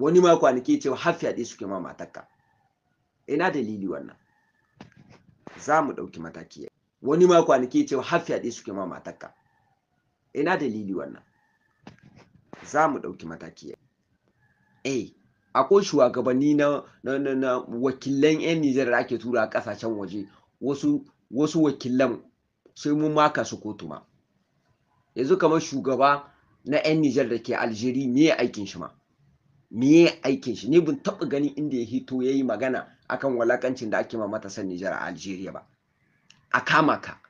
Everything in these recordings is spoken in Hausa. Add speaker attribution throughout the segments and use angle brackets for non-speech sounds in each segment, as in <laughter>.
Speaker 1: wani ma kwanaki cewa har fyaɗe suke ma matarka ina dalili wannan za mu ɗauki mataki wani ma kwanaki cewa har fyaɗe suke ma matarka ina dalili wannan za mu ɗauki mataki eh akwai shugabanni na, na, na, wakilan 'yan nijar da ake tura ƙasashen waje wasu, wasu wakilan sai mun maka su kotu ma yanzu kamar shugaba na 'yan nijar da ke aljeri me aikin shi ma meye aikin shi ni bin taɓa gani inda ya hito ya yi magana akan walakancin da ake ma matasan Nijar a Algeria ba a kama ka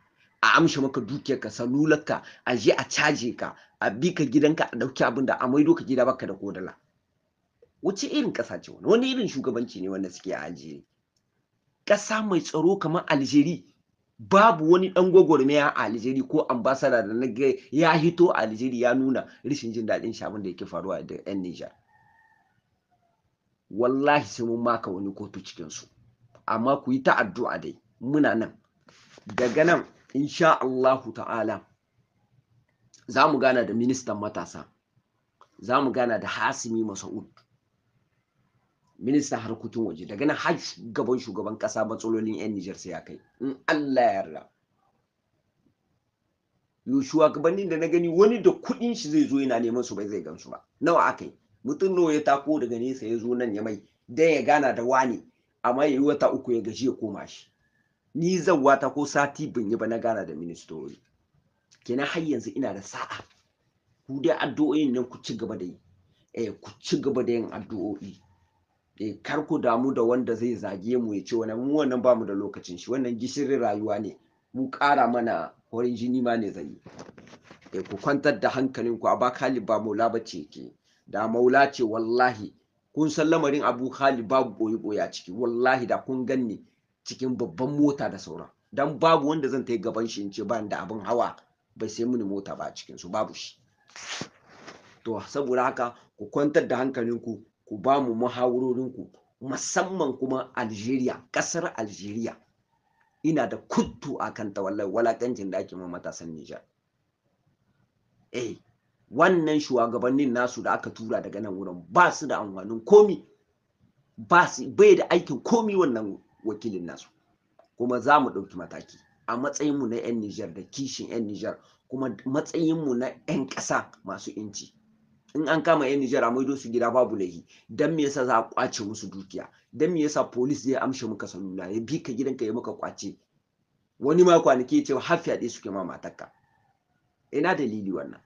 Speaker 1: a amshe maka dukiyarka salularka a je a caje ka a bi ka gidanka a ɗauki abin da a maido ka gida baka da kodala wace irin ƙasa ce wani wani irin shugabanci ne wanda suke a Algeria ƙasa mai tsaro kamar Algeria babu wani ɗan gwagwarmaya a Algeria ko ambasada da na ya hito a Algeria ya nuna rashin jin daɗin shi abin da yake faruwa da 'yan Nijar wallahi sai mun maka wani kofi cikinsu amma ku yi ta addu'a dai muna nan daga nan insha Allahu ta'ala za mu gana da ministan matasa za mu gana da hasimi masa'ud ministan harkokin waje daga nan har gaban shugaban kasa matsalolin 'yan nijar sai ya kai in allah ya yarda gabanin da na gani wani da kudin shi zai zo yana neman su bai zai gamsu ba nawa aka yi mutum nawa ya tako daga nesa ya zo nan ya mai dan ya gana da wani amma yi wata uku ya gaji ya koma shi ni zan wata ko sati bin yi ba na gana da ministori kenan har yanzu ina da sa'a ku dai addu'o'in nan ku ci gaba da yi eh ku ci gaba da yin addu'o'i eh kar ku damu da wanda zai zage mu ya ce wannan mu wannan bamu da lokacin shi wannan gishirin rayuwa ne mu ƙara mana horin jini ma ne zai yi eh ku kwantar da hankalinku a ba kalibba ba mola bace ke da maula ce wallahi kun san lamarin abu khali babu boye boye a ciki wallahi da kun ganni cikin babban mota da sauran dan babu wanda zan ta yi gaban shi in ce ban da abin hawa bai sai mini mota ba a cikin su babu shi to saboda haka ku kwantar da hankalinku ku ba mu muhawurorinku musamman kuma algeria kasar algeria ina da kuttu a kanta wallahi walakancin da ake matasan nijar eh wannan shugabannin nasu da aka tura daga nan wurin ba su da amfanin komi ba su bai da aikin komi wannan wakilin nasu kuma za mu ɗauki mataki a matsayinmu na 'yan Nijar da kishin 'yan Nijar kuma matsayinmu na 'yan ƙasa masu inci in an kama 'yan Nijar a maido su gida babu laihi don me yasa za a kwace musu dukiya don me yasa polis zai amshe muka salula ya bi ka gidanka ya muka kwace wani ma kwanaki ya ce har fyaɗe suke ma matarka ina dalili wannan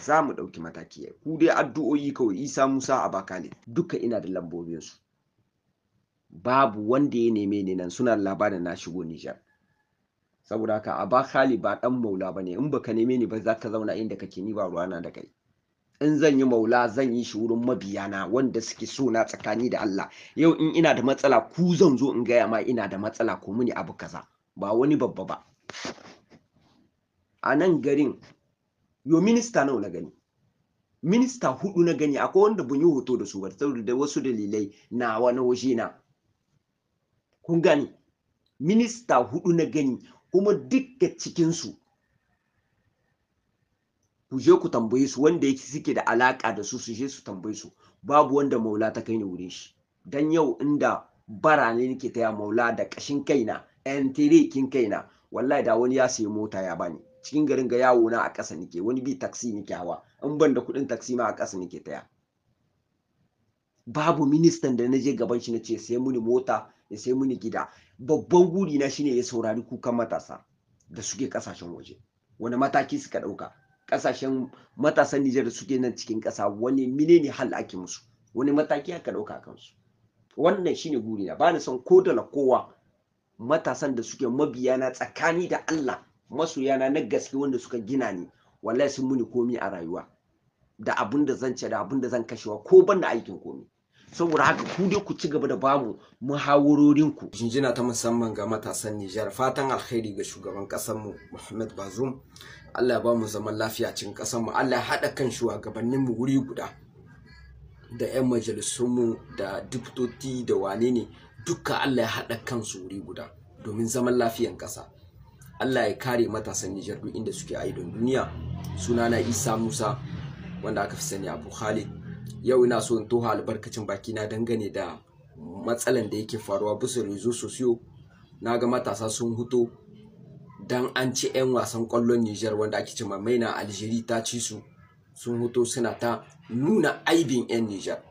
Speaker 1: za mu ɗauki mataki ku dai addu'o'i kawai isa musa ne duka ina da lambobinsu babu wanda ya neme ni nan suna labarin na shigo nijar saboda haka abakali ba ɗan maula ba ne in baka neme ni ba za ka zauna inda kake ni ba ruwana da kai in zan yi maula zan yi shi wurin mabiya na wanda suke so na tsakani da Allah yau in ina da matsala ku zan zo in gaya ma ina da matsala ko muni abu kaza ba wani babba ba a nan garin yo minista nawa na gani minista hudu na gani akwai wanda ban yi hoto da su ba saboda wasu dalilai na wani waje na kun gani minista hudu na gani kuma dukkan cikinsu ku je ku tambaye su wanda yake suke da alaka da su su je su tambaye su babu wanda maula ta kai ni wurin shi dan yau inda bara ne nake taya maula da kashin kaina yan kin kaina wallahi da wani ya sayi mota ya bani cikin garin ga yawo na a ƙasa nike wani bi taksi nike hawa in ban da kuɗin taksi ma a ƙasa nike taya babu ministan da na je gaban shi na ce sai muni mota ya sai muni gida babban guri na shine ya saurari kukan matasa da suke kasashen waje wani mataki suka ɗauka kasashen matasan Nijar da suke nan cikin ƙasa wani mine ne hal ake musu wani mataki aka ɗauka kansu wannan shine guri na ba ni son ko da kowa matasan da suke mabiya na tsakani da Allah masoyana na gaske wanda suka gina ni wallahi sun muni komi a rayuwa da abun da zan ce da abun da zan kashewa ko ban da aikin komi saboda haka ku dai ku ci gaba da bamu muhawarorin ku jinjina ta musamman ga matasan Nijar fatan alkhairi ga shugaban kasar mu Muhammad Bazoum Allah ya ba mu zaman lafiya cikin kasar mu Allah ya hada kan shugabannin mu wuri guda da 'yan majalisun mu da diputoti da wane ne duka Allah ya hada kan su wuri guda domin zaman lafiyan kasa Allah ya kare matasan Nijar duk inda suke ayi don duniya suna na Isa Musa wanda aka fi sani Abu Khalid yau ina so in toha albarkacin baki na dangane da matsalan da yake faruwa bisa rezo sosiyo na ga matasa sun huto dan an ci 'yan wasan kwallon Nijar wanda ake cewa maina Algeria ta ci su sun huto suna ta nuna aibin 'yan Nijar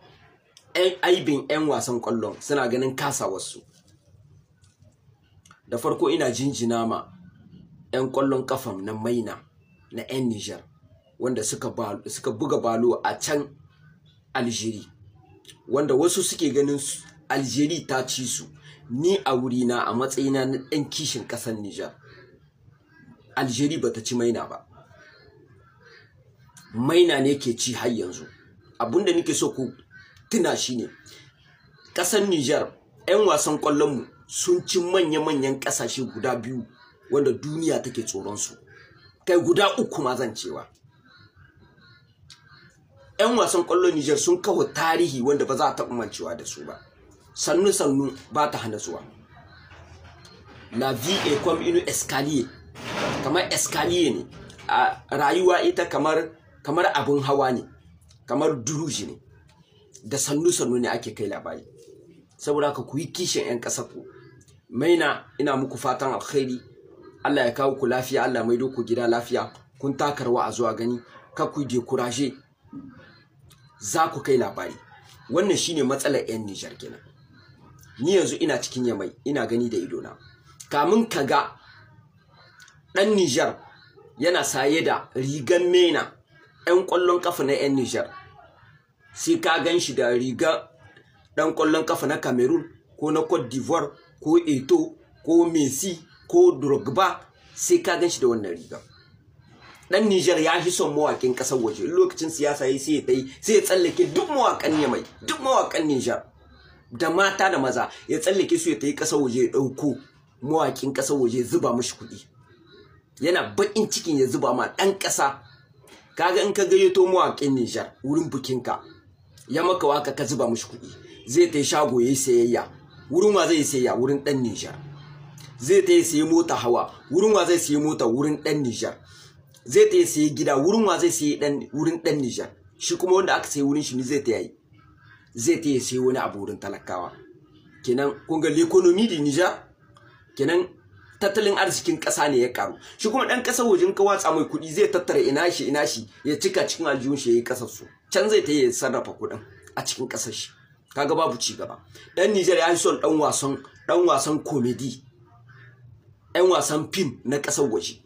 Speaker 1: 'yan aibin 'yan wasan kwallon suna ganin kasa wasu da farko ina jinjina ma 'yan ƙwallon kafan na maina na 'yan Nijar wanda suka buga balo a can Aljeri wanda wasu suke ganin Aljeri ta ci su ni a wuri na, a matsayina na ɗan kishin ƙasar Nijar Aljeri bata ci maina ba maina ne ke ci har yanzu abinda nake so ku tuna shi ne. ƙasar Nijar 'yan wasan ƙwallonmu sun ci manya-manyan ƙasashe guda biyu wanda duniya take su. kai guda uku ma zan cewa 'yan wasan kwallon Nijar sun kawo tarihi wanda ba za ta umarcewa da su ba sannu-sannu ba ta hana zuwa la vie est comme une escalier kamar escalier ne a rayuwa ita kamar kamar abin hawa ne kamar duruji ne da sannu-sannu ne ake kai labari saboda ka ku yi kishin 'yan ƙasa ku maina ina muku fatan alkhairi Allah ya kawo ku lafiya Allah mai ku gida lafiya kun takarwa a zuwa gani ka ku je kuraje za ku kai labari wannan shine matsalar yan Nijar kenan ni yanzu ina cikin yamai ina gani da idona kamin ka ga dan Nijar yana saye da rigan mena ɗan kwallon kafa na yan Nijar sai ka gan shi da riga ɗan kwallon kafa na Cameroon ko na Cote d'Ivoire ko Eto ko Messi ko Drogba sai ka gan shi da wannan riga dan Niger ya shi son mawakin kasar waje lokacin siyasa yi sai tsaye sai ya tsallake duk mawakan ne duk mawakan Niger da mata da maza ya tsallake su ya tayi kasar waje ya dauko mawakin kasar waje zuba mashi kuɗi yana bakin cikin ya zuba ma dan kasa kaga in ka gayyato mawakin Niger wurin bikinka ya maka waka ka zuba mashi kuɗi zai tayi shago yayi sayayya wurin wa zai sayayya wurin dan Niger zai ta sayi mota hawa wurin wa zai sayi mota wurin dan Nijar zai ta yi sayi gida wurin wa zai sayi wurin dan Nijar shi kuma wanda aka sayi wurin shi ne zai ta yi zai ta yi sayi wani abu wurin talakawa kenan kun ga l'economy di Nijar kenan tattalin arzikin ƙasa ne ya karu shi kuma ɗan ƙasar wajen kawa tsamai kuɗi zai tattara ina shi ina shi ya cika cikin aljihun shi ya yi ƙasar su can zai ta yi sarrafa kuɗin a cikin ƙasar shi kaga babu ci gaba ɗan Nijar ya yi son ɗan wasan ɗan wasan komedi 'yan wasan fim na ƙasar waje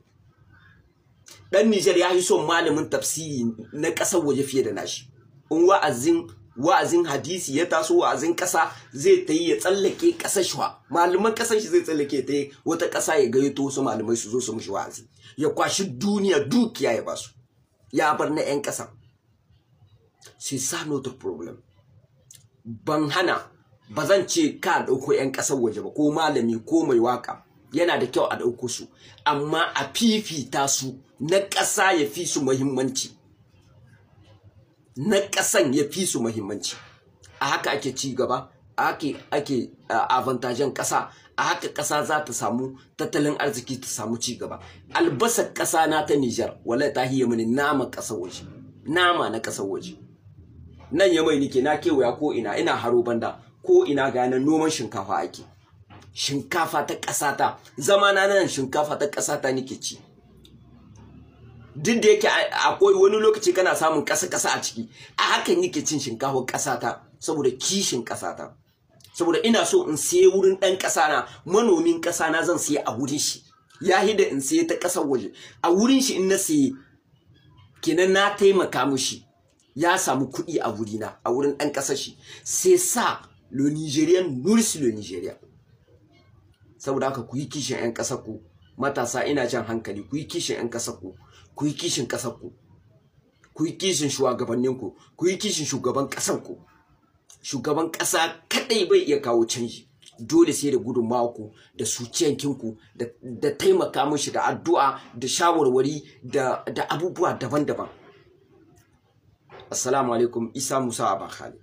Speaker 1: ɗan Nijar ya yi son malamin tafsiri na ƙasar waje fiye da nashi in wa'azin wa'azin hadisi ya taso wa'azin ƙasa zai ta yi ya tsallake ƙasar shi malaman ƙasar shi zai tsallake ta yi wata ƙasa ya gayyato wasu malamai su zo su mushi wa'azi ya kwashi duniya dukiya ya basu ya bar na 'yan ƙasa sai sa notar problem ban hana ba zan ce ka ɗauko 'yan ƙasar waje ba ko malami ko mai waƙa yana da kyau a ɗauko su amma a fifita su na ƙasa ya fi su muhimmanci na ƙasan ya fi su muhimmanci a haka ake ci gaba a ake ake avantajen ƙasa a haka ƙasa za ta samu tattalin arziki ta samu ci gaba albasar ƙasa na ta Nijar wala ta hiye mini nama ƙasar waje nama na ƙasar waje nan ya mai nike na kewaya ko ina ina haro banda ko ina ga noman shinkafa ake shinkafa ta ƙasata zama na nan shinkafa ta ƙasata nake ci duk da yake akwai wani lokaci kana samun ƙasa ƙasa a ciki a hakan nike cin shinkafa ƙasata saboda kishin ƙasata saboda ina so in saye wurin ɗan ƙasa na manomin ƙasa na zan saye a wurin shi ya hida in saye ta ƙasar waje a wurin shi in na saye kenan na taimaka mushi ya samu kuɗi a wurina a wurin ɗan ƙasar shi sai sa lo Nigerian nurse lo Nigeria saboda haka ku yi kishin 'yan ƙasar ku matasa ina jan hankali ku yi kishin 'yan ƙasar ku ku yi kishin ƙasar ku ku yi kishin shugabannin ku ku yi kishin shugaban ƙasar ku shugaban ƙasa kadai bai iya kawo canji dole sai da gudunmawa ku da suciyankinku ku da taimaka mishi da addu'a da shawarwari da abubuwa daban-daban assalamu alaikum isa musa abakhali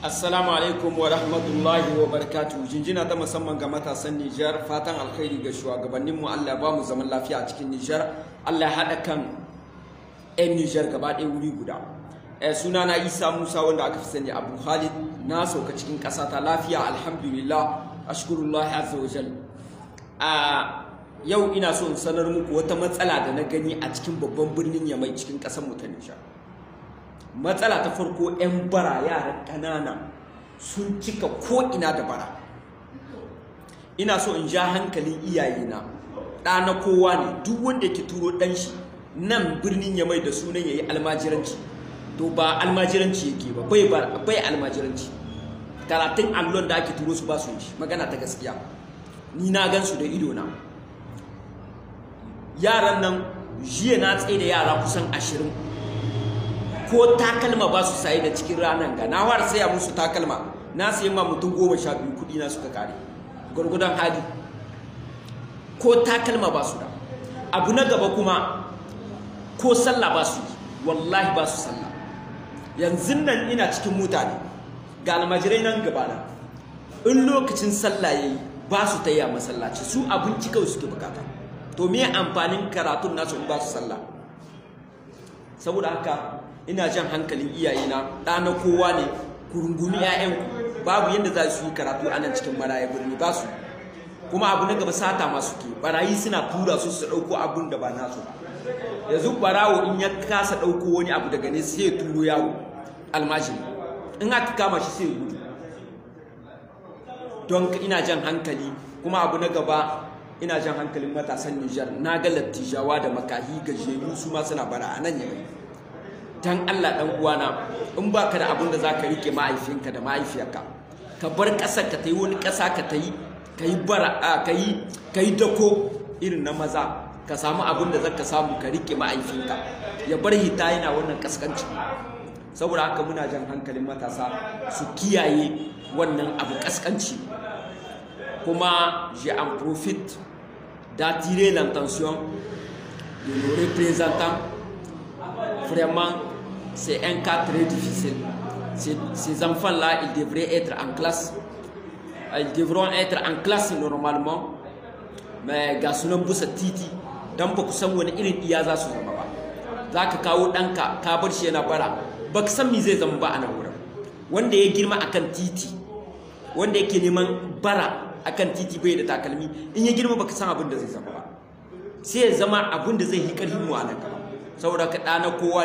Speaker 1: Assalamu alaikum wa rahmatullahi wa barakatuhu jinjina ta musamman ga matasan Nijar fatan alkhairi ga shugabanninmu Allah ba mu zaman lafiya a cikin Nijar Allah ya haɗa kan 'yan Nijar gaba ɗaya wuri guda eh, suna na Isa Musa wanda aka fi sani Abu Khalid na sauka cikin ƙasa ta lafiya alhamdulillah ashkurullahi azza wa jal yau ina so in sanar muku wata matsala da na gani a cikin babban birnin Yamai cikin ƙasar mu ta Nijar matsala ta farko 'yan bara yara ƙanana sun cika ko'ina da bara ina so in ja hankalin iyayena ɗana na kowa ne duk wanda ke turo ɗanshi shi nan birnin ya mai da sunan ya yi almajiranci to ba almajiranci yake ba bai almajiranci karatun allon da ake turo su ba su yi magana ta gaskiya ni na gan su da idona. yaran nan jiya na tsaye da yara kusan ashirin ko takalma ba su saye da cikin ranar ga na fara saya musu takalma na sayi ma mutum goma sha biyu kuɗi na suka kare gwargwadon hali ko takalma ba su da abu na gaba kuma ko sallah ba su wallahi ba su sallah yanzu nan ina cikin mutane ga almajirai nan gaba na. in lokacin sallah yi ba su ta yi a masallaci su abinci kawai suke bukata to me amfanin karatun nasu in ba su sallah saboda haka ina jan hankalin iyayena ɗa na kowa ne kurungumi ƴaƴan ku babu yadda za su yi karatu a nan cikin maraya birni ba su kuma abu na gaba sata masu ke barayi suna tura su su ɗauko abun da ba nasu ba yanzu barawo in ya kasa ɗauko wani abu daga ne sai ya turo yawo almajin in aka kama shi sai ya gudu don ina jan hankali kuma abu na gaba ina jan hankalin matasan Nijar na ga lattijawa da makahi gajeru su ma suna bara a nan yanayi dan Allah dan na in baka da abin da zaka rike mahaifinka da maaifiyarka ka bar ƙasar ka ta wani kasa ka ta yi bara kai kai dako irin na maza ka samu abin da zaka samu ka rike ma'aifinka ya bar hita yana wannan kaskanci saboda haka muna jan hankalin matasa su kiyaye wannan abu kaskanci kuma je en profite d'attirer l'attention de nos représentants vraiment c'est un cas très difficile. Ces, ces enfants-là, ils devraient être en classe. Ah, ils devront être en classe normalement. Mais gasunan busa titi don ba ku san wani irin iya za su zama ba. Za ka kawo ɗanka ka bar shi yana bara ba ka san me zai zama ba a nan wurin. Wanda ya girma akan titi wanda yake neman bara akan titi bai da takalmi in ya girma ba ka san abin da zai zama ba. Sai ya zama abin da zai yi ƙarfin mu Saboda ka ɗana kowa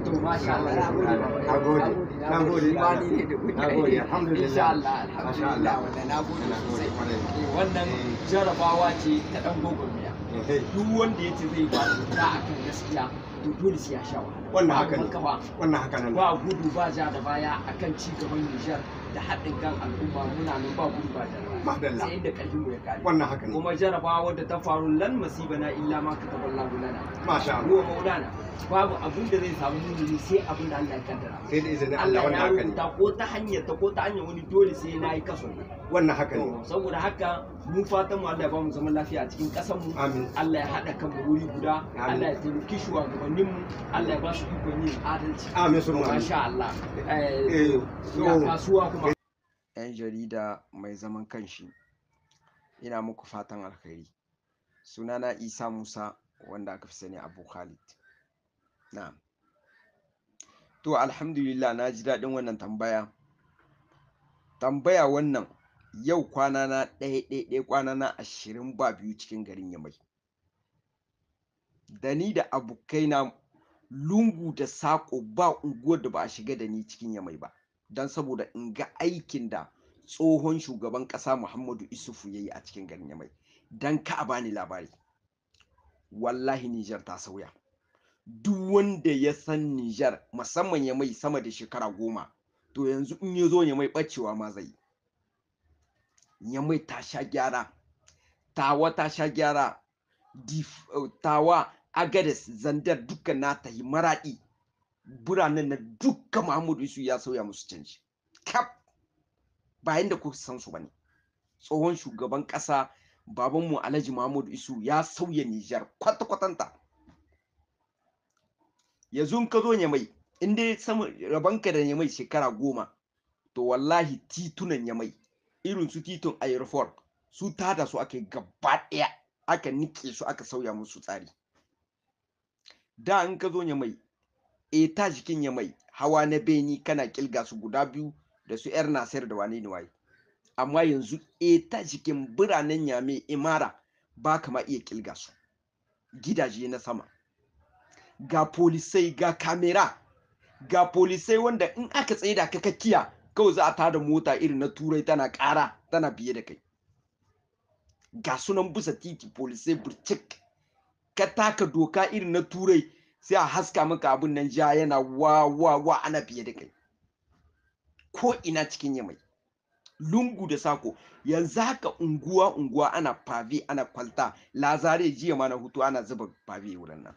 Speaker 1: na gode na gode na gode alhamdulillah alhamdulillah wannan na gode eh, eh. jarabawa ce ta dan gogon miya duk wanda ya ce zai ba da akan gaskiya to dole ya sha wannan haka ne wannan haka ne ba gudu ba ja da baya akan ci gaban Niger da haɗin kan al'umma muna nan ba gudu ba jarabawa madalla sai inda karfin mu ya kare wannan haka ne kuma jarabawa da ta faru lan masiba na illa ma ka taballa lana. masha Allah ruwa maulana babu abin da zai samu mumini sai abin da Allah ya kaddara sai da izinin Allah wannan haka ta ko ta hanyar ta ko ta hanyar wani dole sai na yi kaso wannan haka ne saboda haka mu fatan mu Allah ya ba zaman lafiya a cikin ƙasar mu Allah ya haɗa kan mu wuri guda Allah ya taimaki shugabannin Allah ya ba yan jarida mai zaman kanshi ina muku fatan alkhairi sunana isa musa wanda aka fi sani abu khalid na to alhamdulillah na ji daɗin wannan tambaya tambaya wannan yau kwana na ɗaya ɗaya ɗaya kwana na ashirin ba biyu cikin garin yamai da ni da abokaina lungu da sako ba unguwar da ba a shiga da ni cikin yamai ba don saboda in ga aikin da tsohon shugaban ƙasa muhammadu isufu ya yi a cikin garin yamai don ka a bani labari wallahi nijar ta sauya duk wanda ya san nijar musamman yamai sama da shekara goma to yanzu in ya zo yamai ɓacewa ma zai yamai ta sha gyara tawa ta sha gyara tawa agares zandar duka na yi maraɗi biranen na dukka muhammadu isu ya sauya musu canji kaf bayan da kuka san su bane tsohon shugaban ƙasa babanmu alhaji muhammadu isu ya sauya nijar kwata-kwatanta yanzu ka zo nyamai in rabon ka da nyamai shekara goma to wallahi titunan nyamai irin su titun airfort su tada su aka gaba ɗaya aka nike su aka sauya musu tsari da in ka zo ya mai ta jikin ya mai hawa na beni kana kilga su guda biyu da su yar nasir da wani ne amma yanzu ta jikin biranen ya imara ba kama iya kilga su gidaje na sama ga polisai ga kamera ga polisai wanda in aka tsaye da kakakkiya kawai za a tada mota irin na turai tana ƙara tana biye da kai ga sunan busa titi polisai burcik ka taka doka irin na turai sai a haska maka abin nan ja yana wa wa wa ana fiye da kai ko ina cikin yamai lungu da sako yanzu haka unguwa unguwa ana pave ana kwalta lazare jiya ma na hutu ana zuba pave wurin nan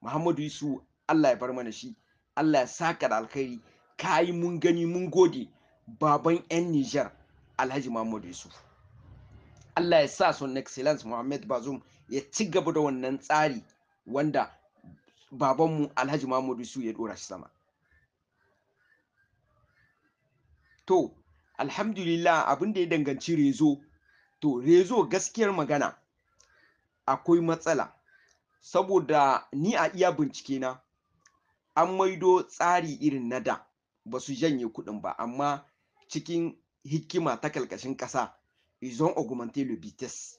Speaker 1: muhammadu yusu allah ya bar mana shi allah ya saka da alkhairi kayi mun gani mun gode baban yan nijar alhaji muhammadu yusuf allah ya sa son excellence muhammad bazum ya ci gaba da wannan tsari wanda babanmu alhaji mahmudu su ya dora shi sama to alhamdulillah abin da ya danganci rezo to rezo gaskiyar magana akwai matsala saboda ni a iya bincike na an maido tsari irin na da ba su janye kuɗin ba amma cikin hikima ta kalkashin ƙasa izon augmente le vitesse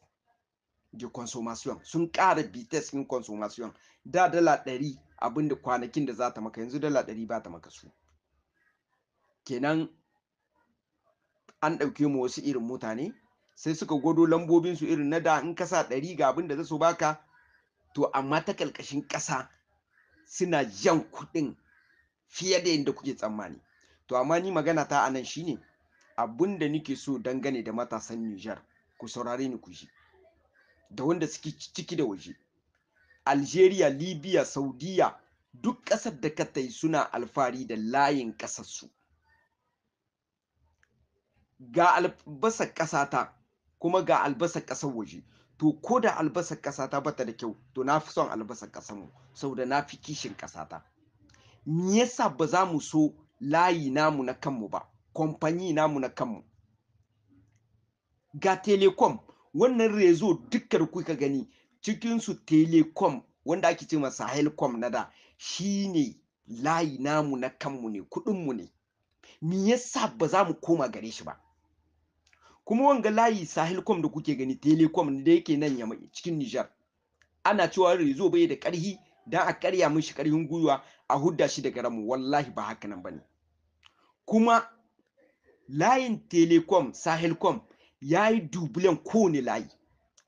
Speaker 1: de consommation sun ƙara bites in consommation da dala ɗari abinda kwanakin da za ta maka yanzu dala ɗari ba ta maka su kenan an ɗauke mu wasu irin mutane sai suka gwado lambobinsu irin na da in kasa ɗari ga abin da za su baka to amma ta ƙalƙashin ƙasa suna jan kuɗin fiye da yadda kuke tsammani to amma ni magana ta anan shine abin da nike so dangane da matasan Nijar ku saurare ni ku shi da wanda suke ciki da waje algeria libya saudiya duk ƙasar da ka tai suna alfari da layin ƙasarsu ga albasar ƙasata kuma ga albasar ƙasar waje to ko da albasar ƙasata bata da kyau to na fi son albasar ƙasarmu saboda na fi kishin ƙasata me yasa ba za mu so layi namu na kanmu ba kwamfani namu na kanmu ga telecom wannan rezo dukkan kuka gani cikinsu telecom wanda ake ce masa helcom na da shi ne layi namu na kanmu ne kuɗinmu ne me yasa ba za mu koma gare shi ba kuma wanga layi sahelcom da kuke gani telecom da yake nan yamma cikin nijar ana cewa rezo bai da ƙarhi dan a karya mishi karhin gwiwa a hudda shi daga ramu wallahi ba haka nan bane kuma layin telecom sahelcom ya yi dubulen kowane layi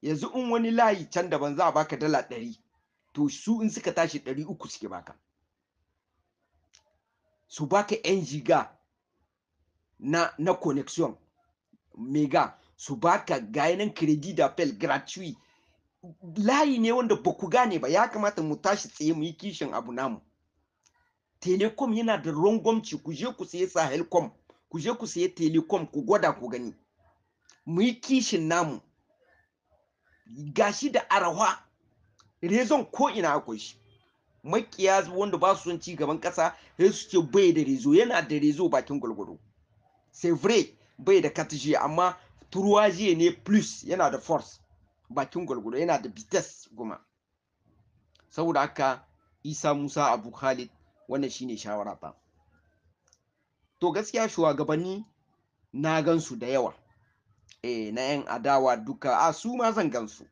Speaker 1: yanzu in wani layi can daban za a baka dala ɗari to su in suka tashi ɗari uku suke baka su baka yan giga na, na connection mega su baka gayanan credit da pel gratui. layi ne wanda ba ku gane ba ya kamata mu tashi tsaye mu yi kishin abu namu telecom yana da rangwamci ku je ku saye sahelcom ku je ku saye telecom ku gwada ku gani mu kishin namu gashi da arawa rezon ko ina akwai shi makiya wanda ba su son ci gaban ƙasa, sai su ce bai da rezo yana da rezo bakin gwalgwaro sai vrai bai da katishe amma turwajiye ne plus yana da force bakin gwalgwaro yana da bites goma saboda haka isa musa abu khalid wannan shine shawara ta to gaskiya shugabanni na gansu da yawa eh na yan adawa duka a su ma zan gansu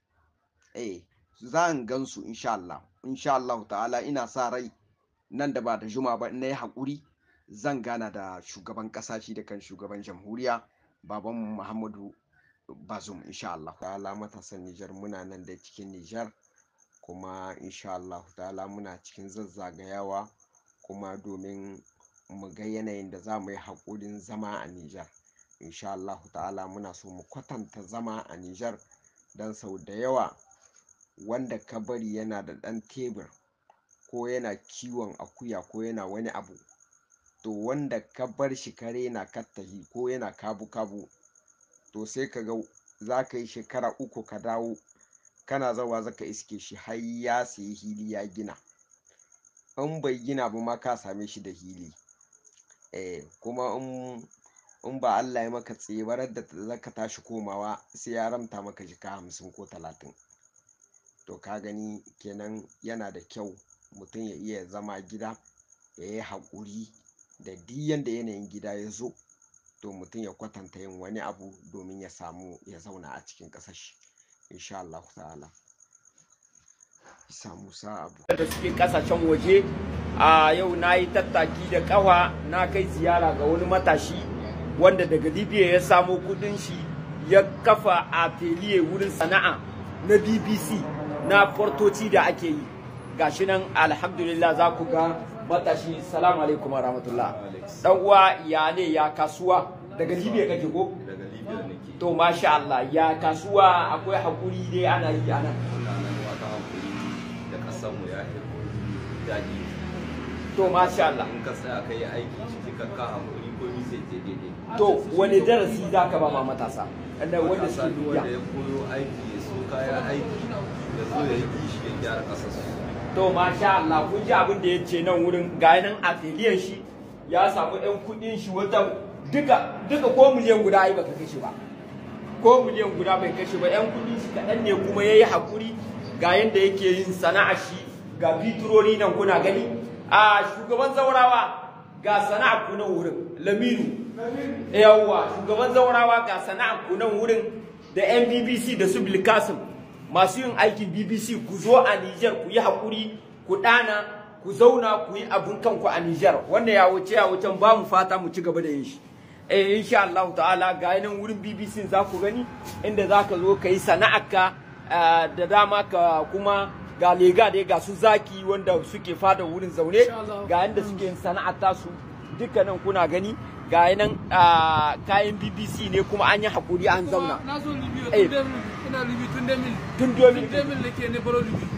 Speaker 1: eh zan gansu insha Allah insha Allah ta'ala ina sa rai nan da ba da juma ba na yi hakuri zan gana da shugaban ƙasa da kan shugaban jamhuriya baban Muhammadu Bazum insha Allah ta'ala matasan Nijar muna nan da cikin Nijar kuma insha Allah ta'ala muna cikin zazzagayawa kuma domin mu ga yanayin da za mu yi haƙurin zama a Nijar insha Allah ta'ala muna so mu kwatanta zama a Nijar don sau da yawa wanda ka bari yana da ɗan tebur ko yana kiwon akuya ko yana wani abu to wanda ka bar shi kare na kattafi ko yana kabu-kabu to sai ka ga za ka yi shekara uku ka dawo kana zawa ka iske shi har ya sayi hili ya gina in bai gina ba ma ka same shi da hili eh kuma in in ba Allah ya maka tsaye ba da zaka tashi komawa sai ya ramta maka jika hamsin ko talatin to ka gani kenan yana da kyau mutum ya iya zama gida ya yi haƙuri da diyanda yanayin gida ya zo to mutum ya kwatanta yin wani abu domin ya samu ya zauna a cikin ƙasar shi insha Allah ta'ala samu sa abu da suke ƙasashen waje a yau na yi tattaki da ƙawa na kai ziyara ga wani matashi wanda daga libya ya samo kudin shi ya kafa a filiye wurin sana'a na bbc na portoci da ake yi gashi nan alhamdulillah za ku ga matashi salamu alaikum rahmatullah dan uwa ya ne ya kasuwa daga libya kake ko daga libya nake to masha Allah ya kasuwa akwai hakuri dai ana yi ana da kasan mu ya to masha Allah in ka tsaya kai aiki cikin ka hakuri to wani darasi za ka ba ma matasa wanda suke duniya wanda ya koyo aiki ya so kayan aiki da zo ya yi kishi ya gyara ƙasar su to masha Allah kun ji abin da ya ce nan wurin ga nan afiliyan shi ya samu ɗan kuɗin shi wata duka duka ko miliyan guda ai baka kashe ba ko miliyan guda bai kashe ba ɗan kuɗin shi kaɗan ne kuma ya yi haƙuri ga yadda yake yin sana'a shi ga fiturori nan kuna gani a shugaban zaurawa ga sana'a kunan wurin laminu yawwa shugaban zaurawa ga sana'a kunan wurin da yan bbc da su bilkasim masu yin aikin bbc ku zo a Nijar ku yi haƙuri ku ɗana ku zauna ku yi abin kanku a Nijar. wanda ya wuce ya wucen ba mu fata mu ci gaba da yin shi eh insha Allah ta'ala ga nan wurin BBC za ku gani inda za ka zo ka yi ka eh, da dama ka kuma ga lega dai ga su zaki wanda suke fada wurin zaune ga yanda suke yin sana'ar tasu dukkanin kuna gani ga nan kayan bbc ne kuma an yi hakuri an zauna na zo libya eh. tun 2000 tun 2000 tun 2000 da ke ne baro libya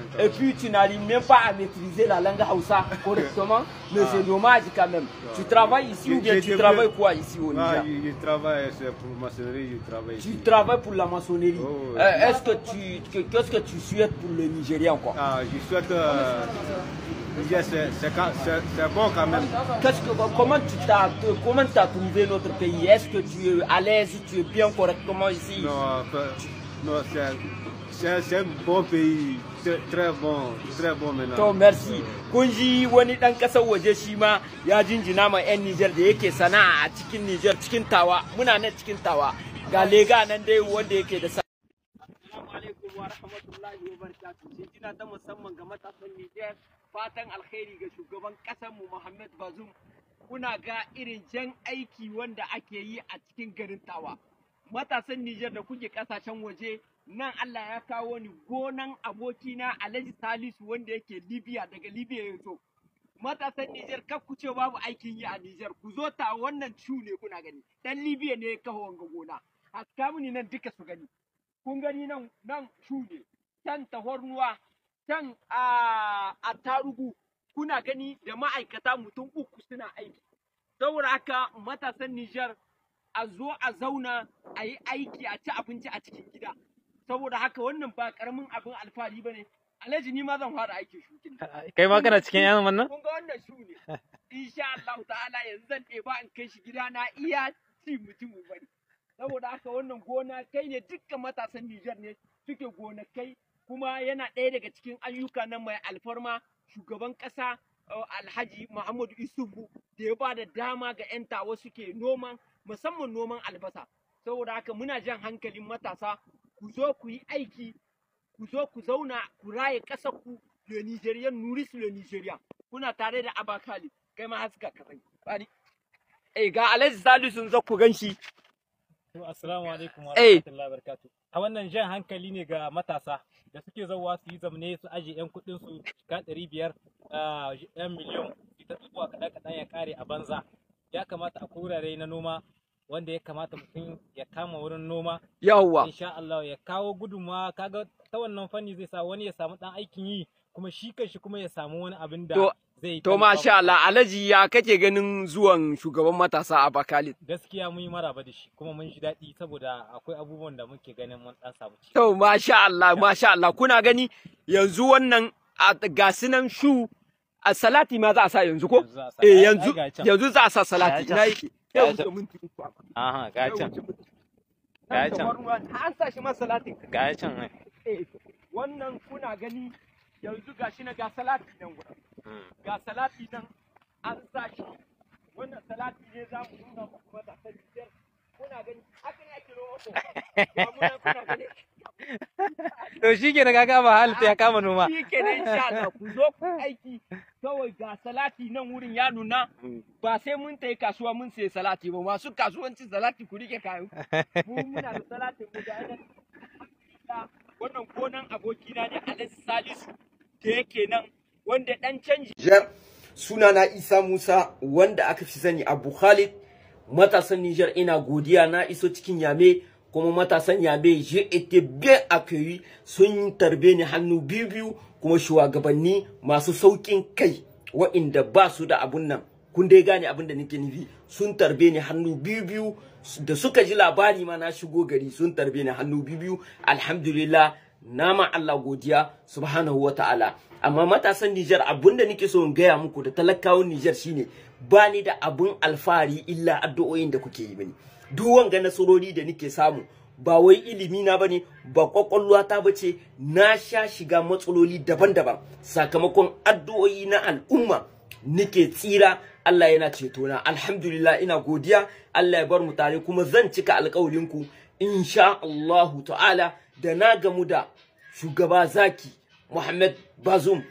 Speaker 1: et puis tu n'arrives même pas à maîtriser la langue Hausa correctement, ah. mais c'est dommage quand même. Ah. Tu travailles ici ou bien tu travailles quoi ici au ah, Niger ah, je, travaille pour la maçonnerie, travaille Tu travailles pour la maçonnerie. Oh, euh, est-ce que tu qu'est-ce que tu souhaites pour le Nigérien Ah, Je souhaite euh, c'est bon quand même. Qu que, comment tu as, comment trouvé notre pays Est-ce que tu es à l'aise, tu es bien correctement ici Non, non c'est c'est un bon pays très bon très bon maintenant Donc merci kun ji wani dan kasar waje shi ma ya jinjina ma yan Niger da yake sana'a a cikin Niger cikin tawa muna nan cikin tawa ga lega nan dai wanda yake da Assalamu alaikum wa rahmatullahi wa barakatuh jinjina ta musamman ga matasan Niger fatan alkhairi ga shugaban kasar mu Muhammad Bazoum kuna ga irin jan aiki wanda ake yi a cikin garin tawa matasan Nijar da kuke kasashen waje nan Allah ya kawo ni gonan abokina a Alhaji Salisu wanda yake Libya daga Libya ya zo. Matasan Nijar kar ku ce babu aikin yi a Nijar ku zo ta wannan ciwo ne kuna gani dan Libya ne ya kawo wanga gona. Haska muni nan duka su gani. Kun gani nan nan ne can tahornuwa can a attarugu kuna gani da ma'aikata mutum uku suna aiki. Saboda haka matasan Nijar a zo a zauna a yi aiki a ci abinci a cikin gida saboda haka wannan ba karamin abin alfahari ba ne alhaji ni ma zan fara aiki shukin <laughs> kai ma kana cikin yan wannan kun ga wannan shu ne insha Allah ta'ala yanzu zan ɗeba in kai shi gida na iya ci mutum bane saboda haka wannan gona kai ne dukkan matasan Nijar ne suke kai kuma yana ɗaya daga cikin ayyuka na mai alfarma shugaban ƙasa Oh, alhaji muhammadu isufu da ya ba da dama ga 'yan tawa suke noman musamman noman albasa saboda haka muna jan hankalin matasa ku zo ku yi aiki ku zo ku zauna ku raye ƙasar ku le Nigeria nuris le Nigeria kuna tare da abakali kai ma haska ka sani bani eh ga Alhaji Salisu sun zo ku ganshi to assalamu alaikum wa eh. rahmatullahi wa barakatuh a wannan jan hankali ne ga matasa da suke zauwa su yi zamne su ajiye yan kuɗin su shiga ɗari biyar yan miliyon su ta kada kaɗan kaɗan ya kare a banza ya kamata a kurare na noma wanda ya kamata mutum ya kama wurin noma yawwa insha Allah ya kawo gudunmawa kaga ta wannan fanni zai sa wani ya samu ɗan aikin yi kuma shi kanshi kuma ya samu wani abin da To masha Allah Alhaji ya kake ganin zuwan shugaban matasa a Bakalit? Gaskiya mun yi maraba da shi kuma mun ji daɗi saboda akwai abubuwan da muke ganin mun ɗan samu ci. To masha Allah masha Allah kuna gani yanzu wannan ga sunan shu a salati ma za a sa yanzu ko? Eh yanzu yanzu za a sa salati na yi. Aha ga can. Ga can. An sa shi ma salati. Ga can. Eh, wannan kuna gani yanzu gashi na ga salati nan gurin. Mm. ga salati nan an sa shi wannan salati ne za mu nuna muku kuma ta san biyar kuna gani haka ya kiro rohoto to shi ke na kaga ba halitta ya kama noma shi ke na insha Allah ku zo ku aiki kawai ga salati nan wurin ya nuna mm. ba sai mun tayi kasuwa mun sai salati ba masu kasuwanci salati ku rike kayo mu muna da salati mu ga wannan gonan abokina ne Alhaji Salisu da yake nan wanda dan canji jar suna na Isa Musa wanda aka fi sani Abu Khalid matasan Niger ina godiya na iso cikin Yame kuma matasan Yame je ete bien accueilli sun tarbe ni hannu biyu biyu kuma shugabanni masu saukin kai wa'inda ba su da abun nan kun dai gane abin da nake nufi sun tarbe ni hannu biyu biyu da suka ji labari ma na shigo gari sun tarbe ni hannu biyu biyu alhamdulillah nama Allah godiya subhanahu wa ta'ala amma matasan Nijar abunda nake so in gaya muku da talakawan Nijar shine ba ni da abun alfahari illa addu'o'in da kuke yi mini duk wanga nasarori da nike samu ba wai ilimi na bane ba kwakwalwa ta bace na sha shiga matsaloli daban-daban sakamakon addu'o'i na al'umma nike tsira Allah yana ceto na alhamdulillah ina godiya Allah ya bar mu tare kuma zan cika alƙawarin ku insha Allahu ta'ala da na gamu da shugaba zaki Muhammad bazum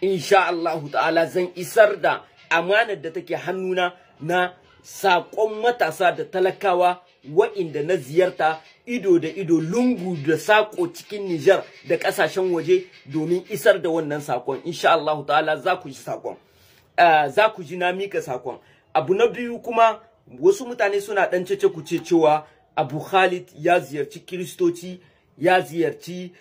Speaker 1: insha Allahu ta'ala zan isar da amanar da take hannuna na saƙon matasa da talakawa wa'inda na ziyarta ido da ido lungu da saƙo cikin Nijar da ƙasashen waje domin isar da wannan sakon insha Allahu ta'ala za ku ji saƙon ah, za ku ji na mika saƙon abu na biyu kuma wasu mutane suna ɗan cece ku ce cewa Abu Khalid ya ziyarci Kiristoci ya ziyarci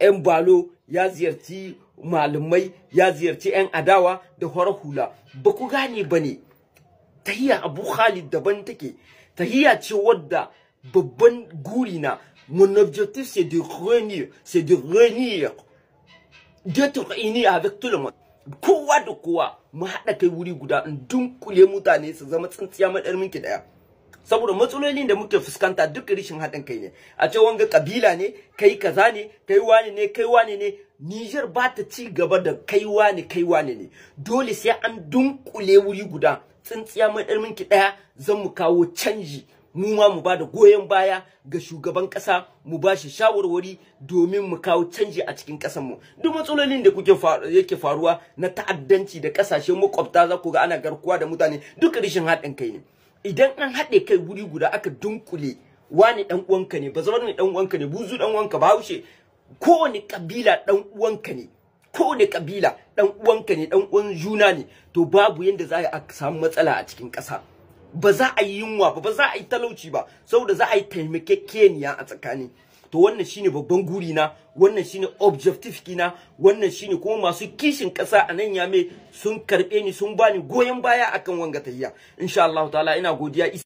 Speaker 1: Embalo eh, ya ziyarci malamai, ya ziyarci 'yan adawa da horahula hula ba ku gane ba ne tahiya abu khalid daban take tahiya ce wadda babban guri na mon objectif c'est de revenir c'est de revenir d'être uni avec tout le monde kowa da kowa mu haɗa kai wuri guda in dunkule mutane su zama tsintsiya maɗarminki ɗaya saboda matsalolin da muke fuskanta duk rishin haɗin kai ne a ce wanga kabila ne kai kaza ne kai wani ne kai wani ne Niger ba ta ci gaba da kai wani kai wani ne dole sai an dunkule wuri guda tsintsiya mai ɗarmin ki ɗaya zan mu kawo canji mu ma mu bada goyon baya ga shugaban ƙasa mu ba shi shawarwari domin mu kawo canji a cikin kasar mu duk matsalolin da kuke yake faruwa na ta'addanci da kasashen makwabta za ku ga ana garkuwa da mutane duk rishin haɗin kai ne idan an haɗe kai wuri guda aka dunkule wani dan uwanka ne ba zama ne dan uwanka ne buzu dan uwanka haushe kowane kabila dan uwanka ne kowane kabila dan uwanka ne dan uwan juna ne to babu yadda za a samu matsala a cikin ƙasa ba za a yi yunwa ba ba za a yi talauci ba saboda za a yi taimakekeniya a tsakani to wannan shine babban guri na wannan shine objective kina wannan shine kuma masu kishin kasa a nan mai sun karbe ni sun bani goyen baya akan wanga insha Allah ta'ala ina godiya